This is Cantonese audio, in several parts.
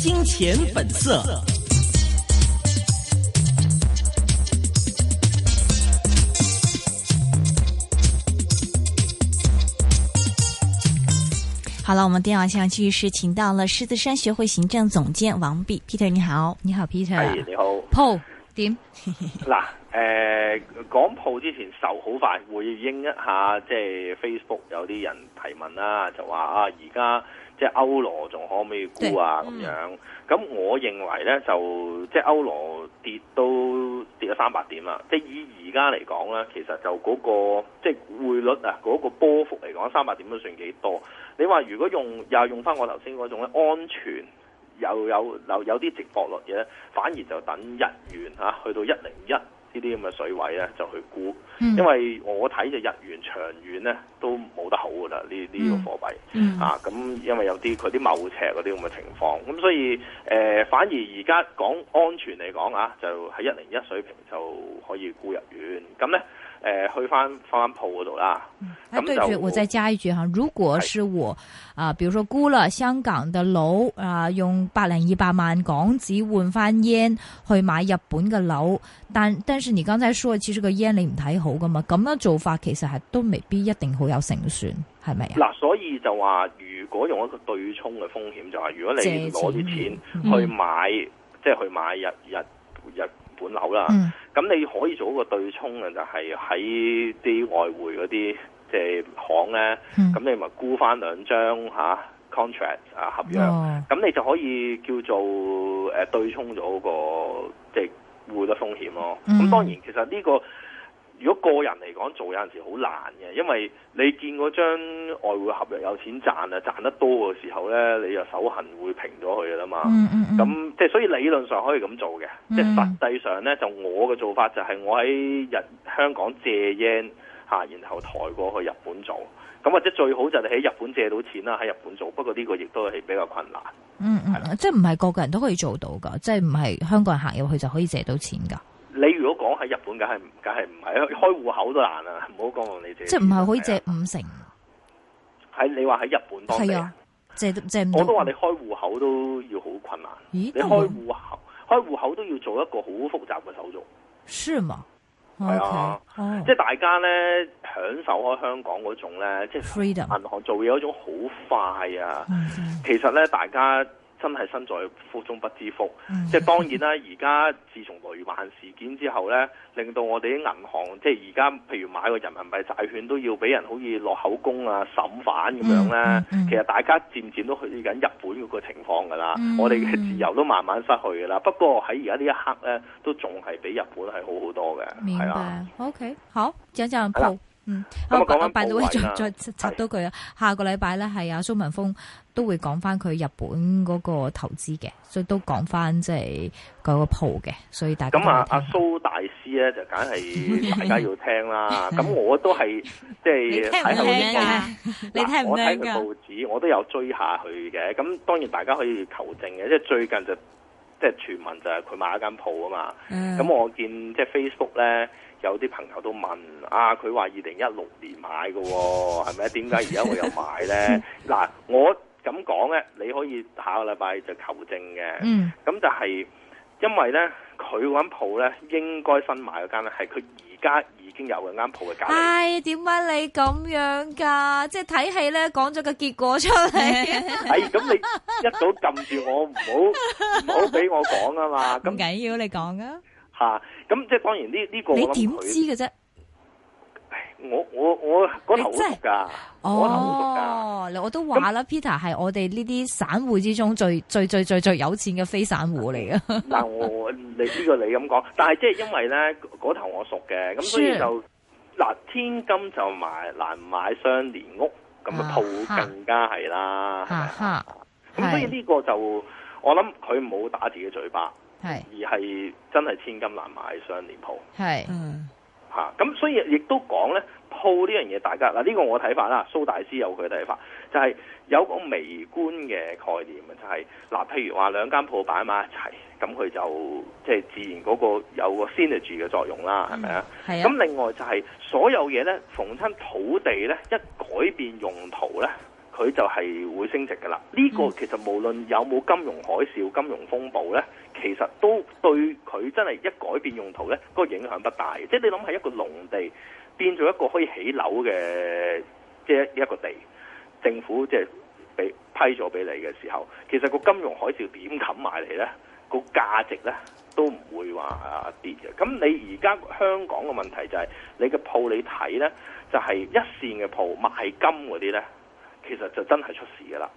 金錢粉色。好啦，我們第二項繼續是請到了獅子山學會行政總監王弼。Peter 你好，你好 Peter，hey, 你好，Paul 點？嗱， 誒、呃，講 Paul 之前手好快回應一下，即係 Facebook 有啲人提問啦，就話啊，而家。即係歐羅仲可唔可以估啊咁樣？咁我認為呢，就即係歐羅跌都跌咗三百點啦。即係以而家嚟講呢，其實就嗰個即係匯率啊嗰個波幅嚟講，三百點都算幾多。你話如果用又用翻我頭先嗰種咧，安全又有有有啲直播率嘅，咧，反而就等日元嚇去到一零一，呢啲咁嘅水位咧，就去沽，因為我睇就日元長遠咧都冇得好噶啦，呢、這、呢個貨幣、嗯嗯、啊，咁因為有啲佢啲貿赤嗰啲咁嘅情況，咁所以誒、呃、反而而家講安全嚟講啊，就喺一零一水平就可以沽日元，咁咧。誒、呃，去翻翻翻鋪嗰度啦。咁、嗯、就、哎、對，我再加一句吓，如果是我啊、呃，比如說估了香港的樓啊、呃，用百零二百萬港紙換翻 yen 去買日本嘅樓，但但是你剛才說其實個 yen 你唔睇好㗎嘛？咁樣做法其實係都未必一定好有勝算，係咪啊？嗱，所以就話如果用一個對沖嘅風險就係、是，如果你攞啲錢去買，嗯、去買即係去買日日。盤樓啦，咁你可以做一個對沖是在是、嗯、啊，就係喺啲外匯嗰啲即係行咧，咁你咪沽翻兩張嚇 contract 啊，合約，咁、哦、你就可以叫做誒、呃、對沖咗個即係匯率風險咯。咁當然其實呢、呢個。嗯如果個人嚟講做有陣時好難嘅，因為你見嗰張外匯合約有錢賺啊，賺得多嘅時候咧，你就手痕會平咗佢㗎啦嘛。咁即係所以理論上可以咁做嘅，mm -hmm. 即係實際上咧就我嘅做法就係我喺日香港借 yen、啊、然後抬過去日本做。咁或者最好就係喺日本借到錢啦，喺日本做。不過呢個亦都係比較困難。嗯、mm、嗯 -hmm.，即係唔係個個人都可以做到㗎？即係唔係香港人行入去就可以借到錢㗎？你如果講喺日本，梗係梗係唔係啊！開戶口都難啊，唔好講我，你借，即係唔係可以借五成？喺你話喺日本當地、啊、借借，我都話你開戶口都要好困難。咦？你開戶口開戶口都要做一個好複雜嘅手續？是嗎？係啊，Okay. Oh. 即係大家咧享受開香港嗰種咧，即係銀行做嘢嗰種好快啊。 其實咧，大家。真係身在福中不知福。嗯，即係當然啦。而、嗯、家自從雷曼事件之後咧，令到我哋啲銀行，即係而家譬如買個人民幣債券都要俾人好易落口供啊、審犯咁樣咧、嗯嗯。其實大家漸漸都去緊日本嗰個情況㗎啦、嗯，我哋嘅自由都慢慢失去㗎啦。不過喺而家呢一刻咧，都仲係比日本係好好多嘅。明白、啊，OK，好，張振埔，嗯，我講緊拜到，嗯，我幫會再再插多句啊。下個禮拜咧係阿蘇文峰。都會講翻佢日本嗰個投資嘅，所以都講翻即係嗰個鋪嘅，所以大家咁，啊阿蘇、啊、大師咧就梗係大家要聽啦。咁 我都係即係聽唔聽啊？你聽唔、啊、我睇佢、 啊、報紙，我都有追下去嘅。咁當然大家可以求證嘅，即係最近就即係傳聞就係佢買一間鋪啊嘛。咁 我見即係 Facebook 咧有啲朋友都問啊，佢話二零一六年買嘅，係咪？點解而家我有買咧？嗱 我。咁講咧，你可以下個禮拜就求證嘅。嗯，咁就係因為咧，佢嗰間鋪咧，應該新買嗰間咧，係佢而家已經有嘅間鋪嘅價。唉，點解你咁樣噶？即係睇戲咧，講咗個結果出嚟。係咁，你一早撳住我，唔好唔好俾我講啊嘛。唔緊要，你講啊。嚇！咁即係當然呢呢個我諗佢。你點知嘅啫？我我我嗰頭好熟噶，哦，嚟我都話啦，Peter 係我哋呢啲散戶之中最最最最最有錢嘅非散戶嚟噶。嗱，我 你呢、呢個你咁講，但係即係因為咧嗰頭我熟嘅，咁所以就嗱千金就買難買雙連屋，咁個鋪更加係啦，係、啊、咪？咁、啊啊、所以呢個就我諗佢冇打自己嘴巴，係而係真係千金難買雙連鋪，係嗯。咁、啊、所以亦都講咧，鋪呢樣嘢大家嗱，呢、啊呢個我睇法啦，蘇大師有佢嘅睇法，就係、是、有個微觀嘅概念就係、是、嗱、啊，譬如話兩間鋪擺埋一齊，咁佢就即係、就是、自然嗰個有個 synergy 嘅作用啦，係咪、嗯、啊？咁另外就係、是、所有嘢咧，逢親土地咧，一改變用途咧。佢就係會升值嘅啦。呢個其實無論有冇金融海嘯、金融風暴呢，其實都對佢真係一改變用途呢個影響不大。即係你諗係一個農地變做一個可以起樓嘅即係一個地，政府即係批咗俾你嘅時候，其實個金融海嘯點冚埋嚟呢個價值呢都唔會話跌嘅。咁你而家香港嘅問題就係你嘅鋪，你睇呢就係一線嘅鋪賣金嗰啲呢。其實就真係出事噶啦，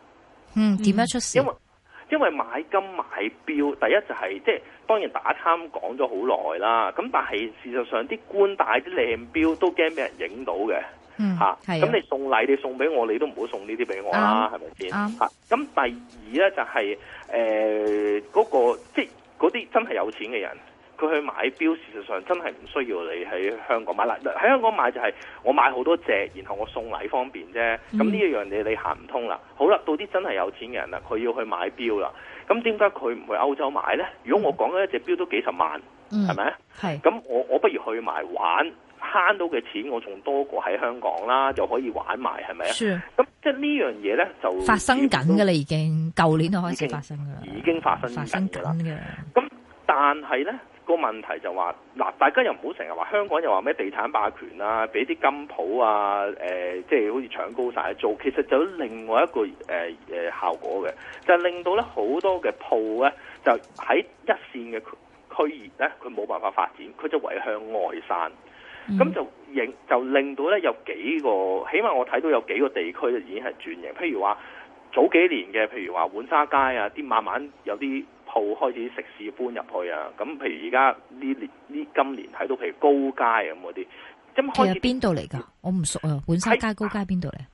嗯，點樣出事？因為因為買金買錶，第一就係、是、即係，當然打貪講咗好耐啦。咁但係事實上，啲官戴啲靚錶都驚俾人影到嘅，吓、嗯、咁、啊啊、你送禮，你送俾我，你都唔好送呢啲俾我啦，係咪先？咁、嗯啊嗯啊、第二咧就係、是、誒、嗰、呃那個即係嗰啲真係有錢嘅人。佢去買表，事實上真係唔需要你喺香港買啦。喺香港買就係我買好多隻，然後我送禮方便啫。咁呢一樣嘢你行唔通啦。好啦，到啲真係有錢嘅人啦，佢要去買表啦。咁點解佢唔去歐洲買呢？如果我講嗰一隻表都幾十萬，係、嗯、咪？係。咁我我不如去埋玩，慳到嘅錢我仲多過喺香港啦，就可以玩埋，係咪？係、sure。咁即係呢樣嘢呢，就發生緊㗎啦，已經。舊年就開始發生㗎啦，已經發生了發生緊㗎。咁但係呢。個問題就話嗱，大家又唔好成日話香港又話咩地產霸權啊，俾啲金鋪啊，即、呃、係、就是、好似搶高晒去做，其實就另外一個、呃、效果嘅，就是、令到咧好多嘅鋪咧，就喺一線嘅區域咧，佢冇辦法發展，佢就圍向外散，咁、嗯、就就令到咧有幾個，起碼我睇到有幾個地區咧已經係轉型，譬如話早幾年嘅，譬如話浣紗街啊，啲慢慢有啲。鋪開始食肆搬入去啊，咁譬如而家呢年，呢今年睇到譬如高街咁嗰啲，咁去始邊度嚟㗎？我唔熟是哪裡的啊，本山街高街邊度咧？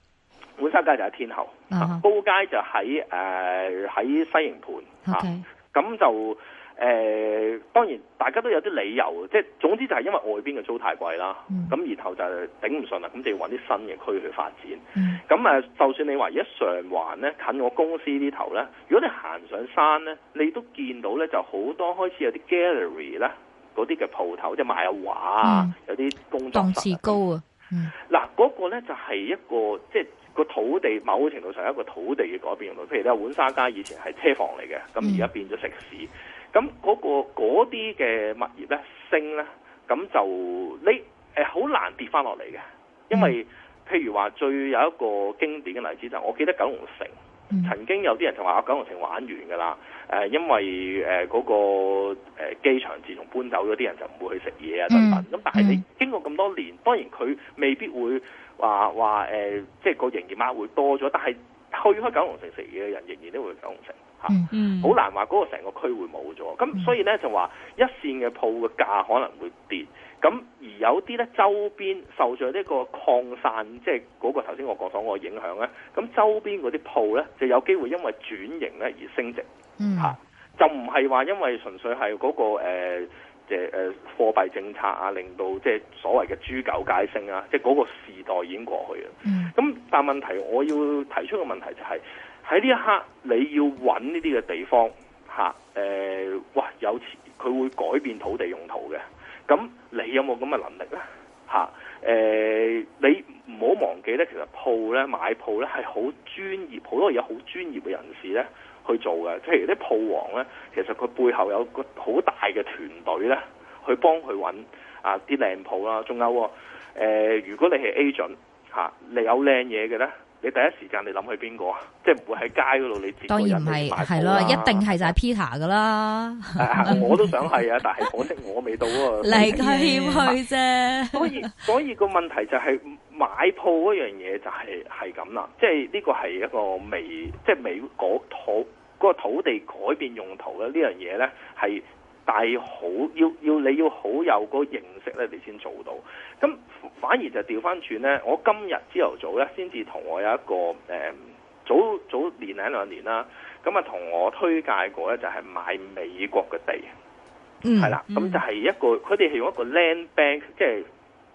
本山街就喺天后，高街就喺誒喺西營盤。OK，咁、啊、就。誒、呃、當然，大家都有啲理由，即係總之就係因為外邊嘅租太貴啦，咁然後就頂唔順啦，咁就要搵啲新嘅區去發展。咁、嗯、就算你話一上環咧，近我公司頭呢頭咧，如果你行上山咧，你都見到咧就好多開始有啲 gallery 呢，嗰啲嘅鋪頭，即係賣畫啊、嗯，有啲工作室。檔次高啊！嗱、嗯，嗰、那個咧就係一個即係、就是、個土地，某程度上係一個土地嘅改變。譬如咧，浣紗街以前係車房嚟嘅，咁而家變咗食肆。嗯咁、那、嗰個嗰啲嘅物業咧升咧，咁就呢好、呃、難跌翻落嚟嘅，因為譬如話最有一個經典嘅例子就係、我記得九龍城，曾經有啲人就話啊九龍城玩完㗎啦，誒、呃、因為誒嗰、呃那個誒、呃、機場自從搬走咗，啲人就唔會去食嘢啊等等，咁但係你經過咁多年，當然佢未必會話話誒，即係、呃就是、個營業額會多咗，但係去開九龍城食嘢嘅人仍然都會去九龍城。嗯，好、嗯、難話嗰個成個區會冇咗，咁所以呢，就話一綫嘅鋪嘅價可能會跌，咁而有啲呢，周邊受咗呢個擴散，即係嗰個頭先我講咗個影響呢，咁周邊嗰啲鋪呢，就有機會因為轉型而升值，吓、嗯啊、就唔係話因為純粹係嗰、那個誒誒貨幣政策啊，令到即係所謂嘅豬狗解升啊，即係嗰個時代已經過去啦。咁、嗯、但問問題我要提出嘅問題就係、是。喺呢一刻，你要揾呢啲嘅地方，嚇、啊，誒、呃，哇，有錢，佢會改變土地用途嘅。咁你有冇咁嘅能力呢？嚇、啊，誒、呃，你唔好忘記呢。其實鋪呢，買鋪呢，係好專業，好多嘢好專業嘅人士呢去做嘅。即係啲鋪王呢，其實佢背後有個好大嘅團隊呢，去幫佢揾啊啲靚鋪啦。仲有喎、啊，如果你係 agent 嚇、啊，你有靚嘢嘅呢。你第一時間你諗去邊個啊？即係唔會喺街嗰度你截個人？當然唔係，係咯，一定係就係 Peter 嘅啦、 啊。我都想係啊，但係可惜我未到 去啊。嚟個謙虛啫。所以所以個問題就係買鋪嗰、就係、樣嘢就係係咁啦。即係呢個係一個未，即係未土嗰、嗰個土地改變用途嘅呢樣嘢咧係。是但係好要要你要好有個認識咧，你先做到。咁反而就調翻轉咧，我今日朝頭早咧，先至同我有一個誒、嗯，早早年零兩年啦。咁啊，同我推介過咧，就係、是、買美國嘅地，嗯，係啦。咁就係一個，佢、嗯、哋係用一個 land bank，即係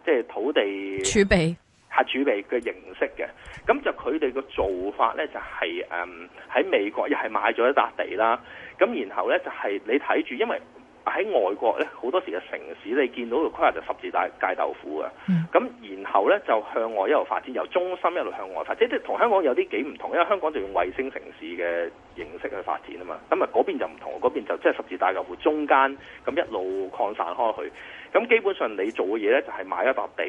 即係土地儲備下、啊、儲備嘅形式嘅。咁就佢哋個做法咧，就係誒喺美國又係買咗一笪地啦。咁然後咧就係、是、你睇住，因為喺外國咧，好多時嘅城市你見到個規劃就十字大界豆腐啊，咁、嗯、然後咧就向外一路發展，由中心一路向外發展，即係同香港有啲幾唔同，因為香港就用衛星城市嘅形式去發展啊嘛，咁啊嗰邊就唔同，嗰邊就即係、就是、十字大界豆腐中間咁一路擴散開去，咁基本上你做嘅嘢咧就係、是、買一笪地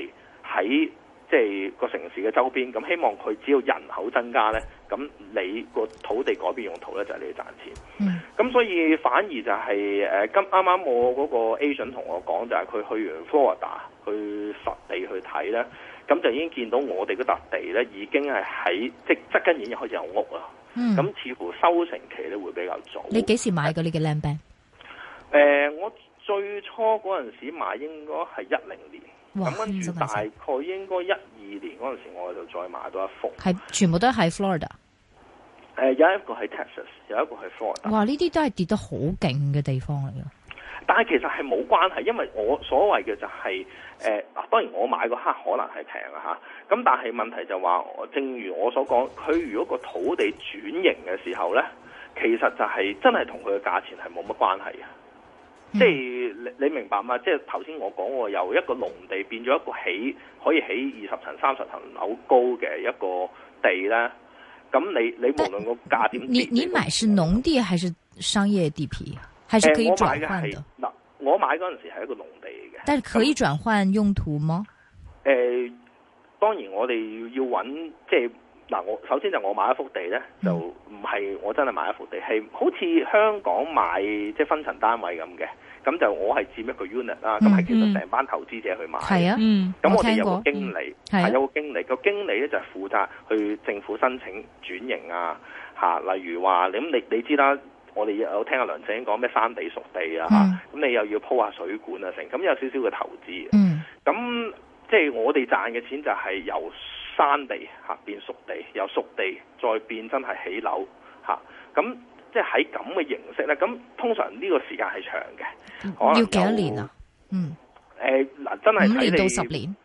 喺。在即係個城市嘅周邊，咁希望佢只要人口增加咧，咁你個土地改變用途咧，就係你賺錢。咁、嗯、所以反而就係、是、誒，今啱啱我嗰個 agent 同我講，就係、是、佢去完 Florida 去實地去睇咧，咁就已經見到我哋嘅笪地咧，已經係喺即係側根已經開始有屋啊。咁、嗯、似乎收成期咧會比較早。你幾時買過呢個 land bank？誒、呃，我最初嗰陣時買，應該係一零年。咁跟住大概應該一、二年嗰陣時，我就再買多一幅。係全部都喺 Florida、呃。誒，有一個喺 Texas，有一個喺 Florida。哇！呢啲都係跌得好勁嘅地方嚟噶。但係其實係冇關係，因為我所謂嘅就係、是、誒、呃，當然我買個刻可能係平啊吓。咁但係問題就話、是，正如我所講，佢如果個土地轉型嘅時候咧，其實就係真係同佢嘅價錢係冇乜關係啊。嗯、即係你你明白嘛？即係頭先我講過，由一個農地變咗一個起可以起二十層、三十層樓高嘅一個地啦。咁你你無論個價點，你你，你買是農地還是商業地皮，還是可以轉換的。嗱、呃，我買嗰陣、呃、時係一個農地嚟嘅。但係可以轉換用途嗎？誒、呃，當然我哋要揾即係嗱，我、呃、首先就我買一幅地咧，就唔係我真係買一幅地，係、嗯、好似香港買即係分層單位咁嘅。咁就我係佔一個 unit 啦，咁、嗯、係其實成班投資者去買，咁、嗯、我哋有，有，經我、嗯、有個經理，嚇、嗯、有、那個經理，個經理咧就係負責去政府申請轉型啊，啊例如話，你你知啦，我哋有聽阿梁振英講咩山地熟地啊，嚇、嗯，咁、啊、你又要鋪下水管啊成，咁有少少嘅投資、啊，咁即係我哋賺嘅錢就係由山地嚇、啊、變熟地，由熟地再變真係起樓咁。啊。即係喺咁嘅形式咧，咁通常呢個時間係長嘅，可能要幾多年啊？嗯，誒、呃、嗱，真係睇你，五年到十年。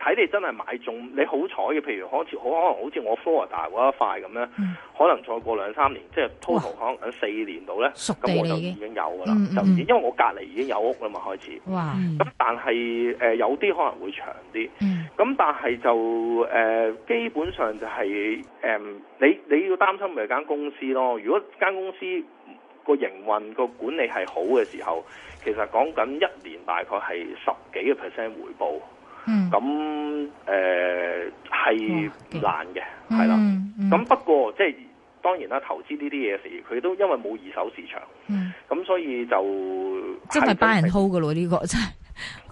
睇你真係買中，你好彩嘅。譬如好似可可能好似我 Florida 嗰一塊咁咧、嗯，可能再過兩三年，即係 total 可能喺四年度咧，咁我就已經有噶啦、嗯。就已經因為我隔離已經有屋啦嘛，開始。哇、嗯！咁、嗯、但係誒、呃、有啲可能會長啲。咁、嗯、但係就誒、呃、基本上就係、是、誒、呃、你你要擔心咪間公司咯？如果間公司個營運、這個管理係好嘅時候，其實講緊一年大概係十幾個 percent 回報。咁誒係難嘅，係啦。咁、嗯嗯、不過即係、就是、當然啦，投資呢啲嘢時，佢都因為冇二手市場，咁、嗯嗯、所以就即係班人 hold 嘅咯呢個真係，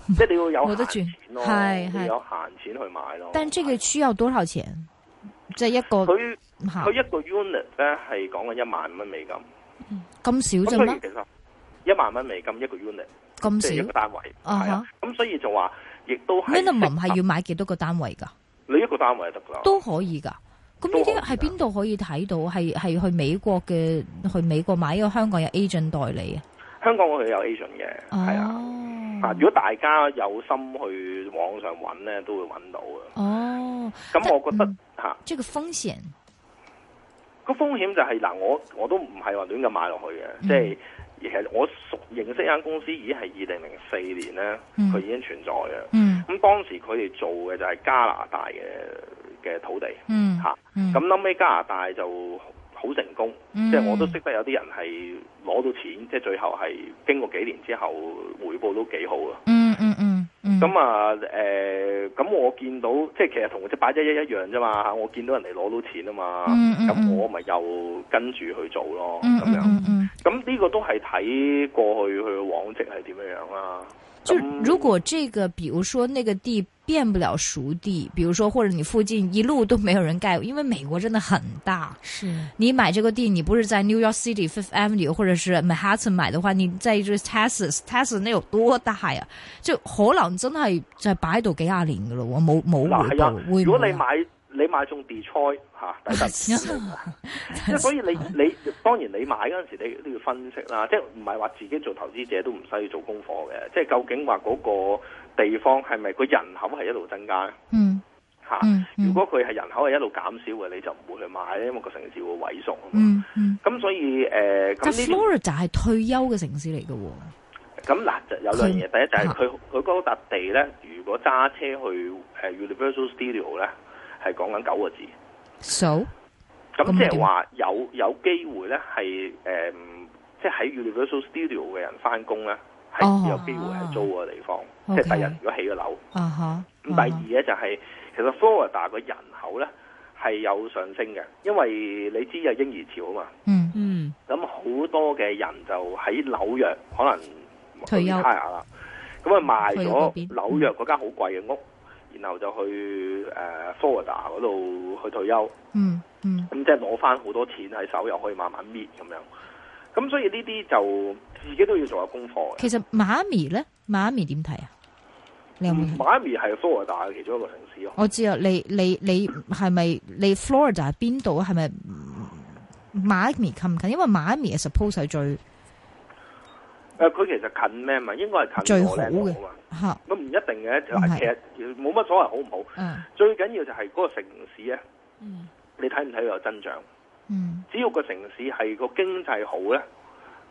即、就、係、是、你要有閒錢咯，係 係有閒錢去買咯。但係呢個需要多少錢？即係一個佢佢一個 unit 咧係講緊一萬蚊美金咁少啫嘛？嗯、其實一萬蚊美金一個 unit，咁少，就是、一個單位啊，咁所以就話。亦都唔係係要買幾多個單位噶？你一個單位就得噶？都可以噶。咁呢啲喺邊度可以睇到？係係去美國嘅，去美國買一個，香港有 agent 代理啊？香港我哋有 agent 嘅，係、哦、啊。啊，如果大家有心去網上揾咧，都會揾到嘅。哦。咁，我覺得即、嗯啊、這個風險個風險就係、是、嗱，我我都唔係話亂咁買落去嘅，即、嗯、係。其實我熟認識一間公司已經是2004年，已係二零零四年咧，佢已經存在嘅。咁當時佢哋做嘅就係加拿大嘅嘅土地，嚇、嗯。咁、嗯啊、後尾加拿大就好成功，即係我都識得有啲人係攞到錢，即係最後係經過幾年之後，回報都幾好、嗯嗯嗯、啊。嗯嗯嗯。咁啊，誒，咁我見到即係其實同隻八一一一樣啫嘛嚇。我見到人哋攞到錢啊嘛，咁我咪又跟住去做咯。嗯嗯咁、這、呢個都係睇過去佢嘅往績係點樣啊，啦。就如果這個，比如說那個地變不了熟地，比如說或者你附近一路都沒有人蓋，因為美國真的很大，是你買這個地，你不是在 New York City Fifth Avenue 或者是 Manhattan 買的話，你在 Texas，Texas 那有多大啊？就可能真係就擺喺度幾廿年噶咯，冇冇活到。會唔會？你買中 Detroit 嚇，第一，即係所以你你當然你買嗰陣時你都要分析啦，即係唔係話自己做投資者都唔使做功課嘅，即係究竟話嗰個地方係咪個人口係一路增加的？嗯，嚇、啊嗯嗯，如果佢係人口係一路減少嘅，你就唔會去買咧，因為個城市會萎縮咁、嗯嗯、所以誒，咁 Florida 就係退休嘅城市嚟嘅喎。咁、啊、嗱就有兩樣嘢，第一就係佢佢嗰笪地咧，如果揸車去誒 Universal Studio 咧。係講緊九個字，數、so? 咁即係話有有機會咧，係、嗯、誒，即係喺 Universal Studio 嘅人翻工咧，係有機會係租個地方。Oh, okay. 即係第日如果起個樓，咁、uh -huh, uh -huh. 第二咧就係、是，其實 Florida 嘅人口咧係有上升嘅，因為你知有嬰兒潮啊嘛。嗯、mm -hmm. 嗯，咁好多嘅人就喺紐約可能退休啊，咁啊賣咗紐約嗰間好貴嘅屋。然後就去誒，Florida 嗰度去退休，嗯嗯，咁即係攞翻好多錢喺手，又可以慢慢搣咁樣。咁所以呢啲就自己都要做下功課。其實 Miami 咧，Miami 點睇啊？嗯 Miami 係 Florida 嘅其中一個城市。我知啊，你你你係咪你,你 Florida 係邊度啊？係咪 Miami 近唔近？因為 Miami 係 suppose 係最。誒，佢其實近咩嘛？應該係近我哋嘅嘛，咁唔一定嘅，就其實冇乜所謂好唔好。嗯，最緊要就係嗰個城市啊，嗯，你睇唔睇到有增長？嗯，只要個城市係個經濟好咧，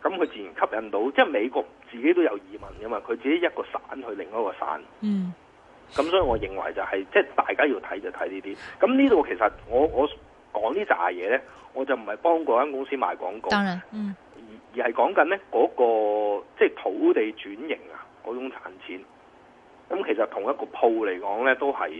咁佢自然吸引到。即係美國自己都有移民噶嘛，佢自己一個省去另一個省。嗯，咁所以我認為就係即係大家要睇就睇呢啲。咁呢度其實我我講呢扎嘢咧，我就唔係幫嗰間公司賣廣告。當然，嗯。而係講緊咧嗰個即係土地轉型啊嗰種賺錢，咁其實同一個鋪嚟講咧都係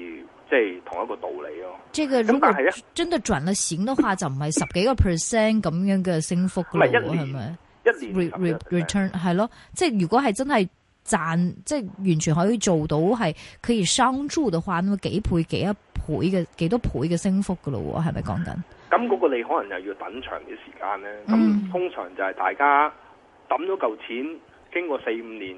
即係同一個道理咯。即、這、係、個、如果的了的但係真係賺咗錢嘅話就唔係十幾個 percent 咁樣嘅升幅咯，係咪？一年、就是、return 係咯，即係如果係真係賺，即係完全可以做到係可以商住嘅話，咁幾倍幾一倍嘅幾多倍嘅升幅噶咯，係咪講緊？咁嗰個你可能又要等長啲時間咧。咁、嗯、通常就係大家揼咗嚿錢，經過四五年，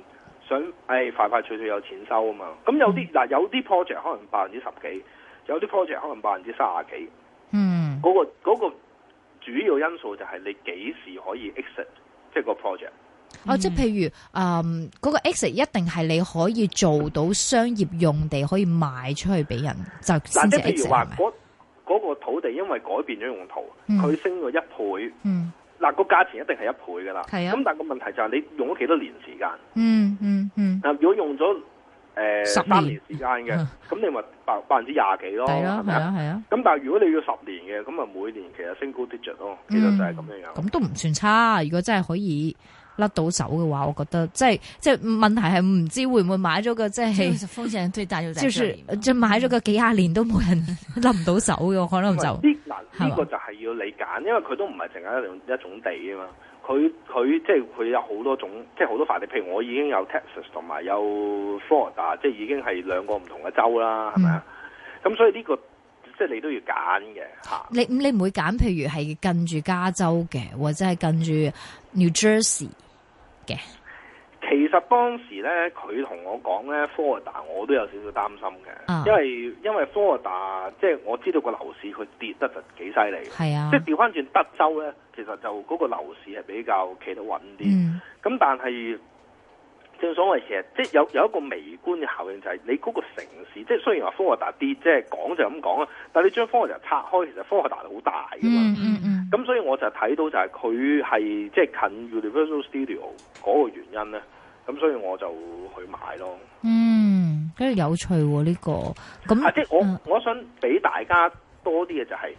想誒、哎、快快脆脆有錢收啊嘛。咁有啲嗱、嗯，有啲 project 可能百分之十幾，有啲 project 可能百分之卅幾。嗯，嗰、那個嗰、那個、主要因素就係你幾時可以 exit，即係個 project、嗯。哦，即係譬如誒嗰、呃那個 exit 一定係你可以做到商業用地可以賣出去俾人，就先至 exit，即譬如話，係咪？嗰、那個土地因為改變咗用途，佢、嗯、升咗一倍。嗱、嗯、個價錢一定係一倍噶啦。咁、啊、但係個問題就係你用咗幾多年時間？嗯嗯嗯、如果用咗十三年時間嘅，咁 你咪百百分之廿幾咯。係啊係啊。咁、啊啊啊、但係如果你要十年嘅，咁啊每年其實升高 digit 咯，其實就係咁樣、嗯、樣。咁都唔算差，如果真係可以。甩到手嘅話，我覺得即係即係問題係唔知會唔會買咗個即係風險最大有有，就係就是即買咗個幾廿年都冇人甩唔到手嘅， 我可能就呢嗱呢個就係要你揀，因為佢都唔係淨係一一種地啊嘛，佢佢即係佢有好多種，即係好多塊地。譬如我已經有 Texas 同埋有 Florida，即係已經係兩個唔同嘅州啦，係咪啊？咁、嗯嗯、所以呢、呢個即係你都要揀嘅吓。你你唔會揀？譬如係近住加州嘅，或者係近住 New Jersey？嘅、yeah.，其實當時咧，佢同我講咧，佛羅達我都有少少擔心嘅、uh.，因為因為佛羅達即係我知道個樓市佢跌得就幾犀利，係、yeah. 啊，即係調翻轉德州咧，其實就嗰個樓市係比較企得穩啲，咁、mm. 但係正所謂其實即係有有一個微觀嘅效應就係你嗰個城市，即係雖然話佛羅達跌，即係講就咁、是、講啦，但係你將佛羅達拆開，其實佛羅達好大噶嘛。Mm-hmm. 咁所以我就睇到就係佢係即係近 Universal Studio 嗰個原因咧，咁所以我就去買咯。嗯，跟住有趣呢、這個咁，即係、啊就是、我、啊、我想俾大家多啲嘅就係、是，誒、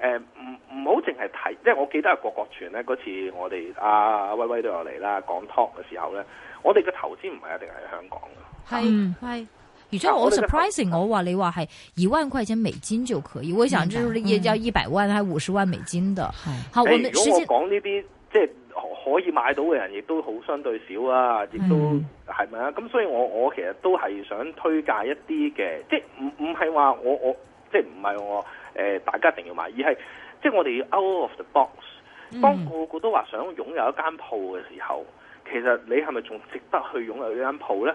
呃，唔唔好淨係睇，即係我記得阿郭國全咧嗰次我哋阿威威都有嚟啦，講 talk 嘅時候咧，我哋嘅投資唔係一定係香港嘅，係係。你知 我 surprising，我話你話係一萬塊錢美金就可以，我想就是要要一百萬，係五十萬美金的。好，如果我們我講呢啲即係可以買到嘅人，亦都好相對少啊，亦都係咪啊？咁、嗯、所以我我其實都係想推介一啲嘅，即係唔唔係話我我即係唔係我誒、呃、大家一定要買，而係即係我哋要 out of the box，當個個都話想擁有一間鋪嘅時候，其實你係咪仲值得去擁有間呢間鋪咧？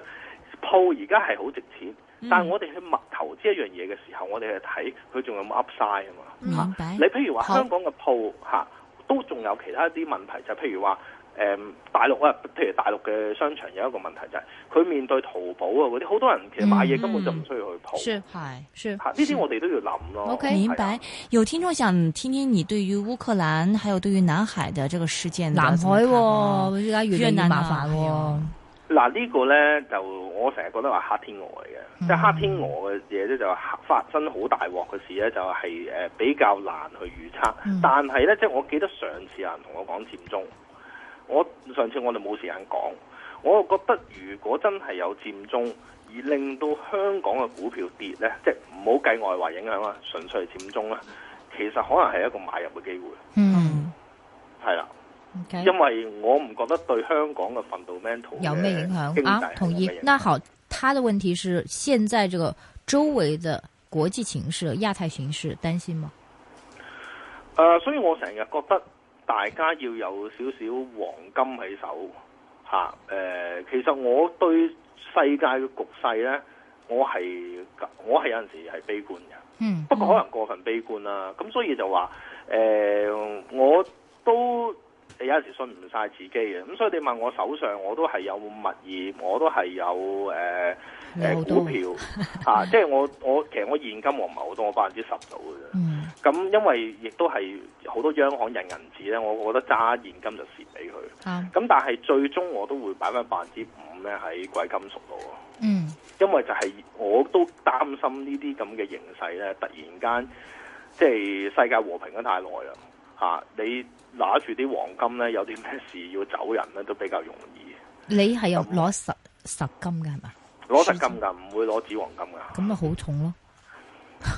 鋪而家係好值錢，嗯、但係我哋去物投資一樣嘢嘅時候，我哋去睇佢仲有冇 Upside 啊嘛？明白。啊、你譬如話香港嘅鋪吓，都仲有其他一啲問題，就是、譬如話，誒、嗯，大陸啊，譬如大陸嘅商場有一個問題就係、是，佢面對淘寶啊嗰啲，好多人其實買嘢根本就唔需要去鋪。係呢啲我哋都要諗咯。O、okay. K，明白。有聽眾想聽聽你對於烏克蘭，還有對於南海嘅這個事件，南海、哦、法的越嚟，啊、越麻煩、啊。嗱、這、呢個呢，就我成日覺得話黑天鵝嚟嘅，即、嗯、係、就是、黑天鵝嘅嘢咧就係發生好大鑊嘅事呢，就係誒比較難去預測、嗯。但係呢，即、就、係、是、我記得上次有人同我講佔中，我上次我哋冇時間講，我覺得如果真係有佔中而令到香港嘅股票跌呢，即係唔好計外圍影響啦，純粹係佔中啦，其實可能係一個買入嘅機會。嗯，係啦。Okay. 因為我唔覺得對香港嘅奮鬥 n 有咩影響啊，同意。那好，他的問題是，現在這個周圍的國際情勢、亞太形勢，擔心嗎、呃？所以我成日覺得大家要有少少黃金喺手吓。誒、啊呃，其實我對世界嘅局勢咧，我係我係有陣時係悲觀的嗯。嗯。不過可能過分悲觀啦、啊。咁所以就話，誒、呃，我都。你有時信唔晒自己嘅，咁所以你問我手上我都係有，有物業，我都係有誒誒、呃、股票嚇，即 係、啊就是、我我其實我現金我唔係好多，我百分之十到嘅啫。咁、嗯、因為亦都係好多央行印銀紙咧，我覺得揸現金就蝕俾佢。咁、啊、但係最終我都會擺翻百分之五咧喺貴金屬度。嗯，因為就係我都擔心呢啲咁嘅形勢咧，突然間即係、就是、世界和平得太耐啦。吓、啊、你拿住啲黃金咧，有啲咩事要走人咧，都比較容易。你係有攞實實金嘅係嘛？攞實金噶，唔會攞紙黃金噶。咁咪好重咯？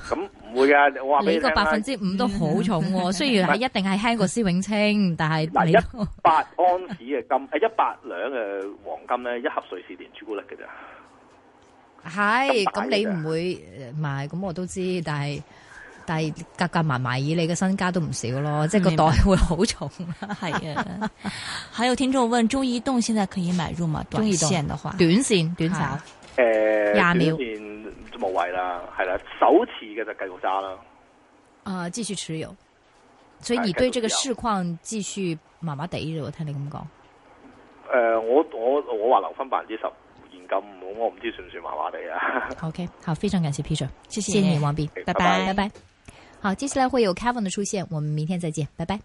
咁唔會噶、啊，你呢個百分之五都好重喎，啊， 雖然係一定係輕過施永青， 但係你一百安士嘅金誒，一百兩嘅黃金咧，一盒瑞士蓮朱古力嘅咋？係咁，你唔會買？咁我都知道，但係。但係夾夾埋埋，以你嘅身家都唔少咯，即係、這個袋會好重。係 是啊， 還有聽眾問：中移動現在可以買入嗎？中短線的話，短線短炒，誒、啊呃，短線無謂啦，係啦，手持嘅就繼續揸啦。啊，繼續、呃、續持有。所以你對這個市況繼續麻麻地，我聽你咁講。誒，我我我話留翻百分之十現金，我唔知算唔算麻麻地啊。 OK，好，非常感謝 Peter，謝謝你。先言王弼，拜拜，拜拜。好，接下來會有 Kevin 的出現，我們明天再見，拜拜。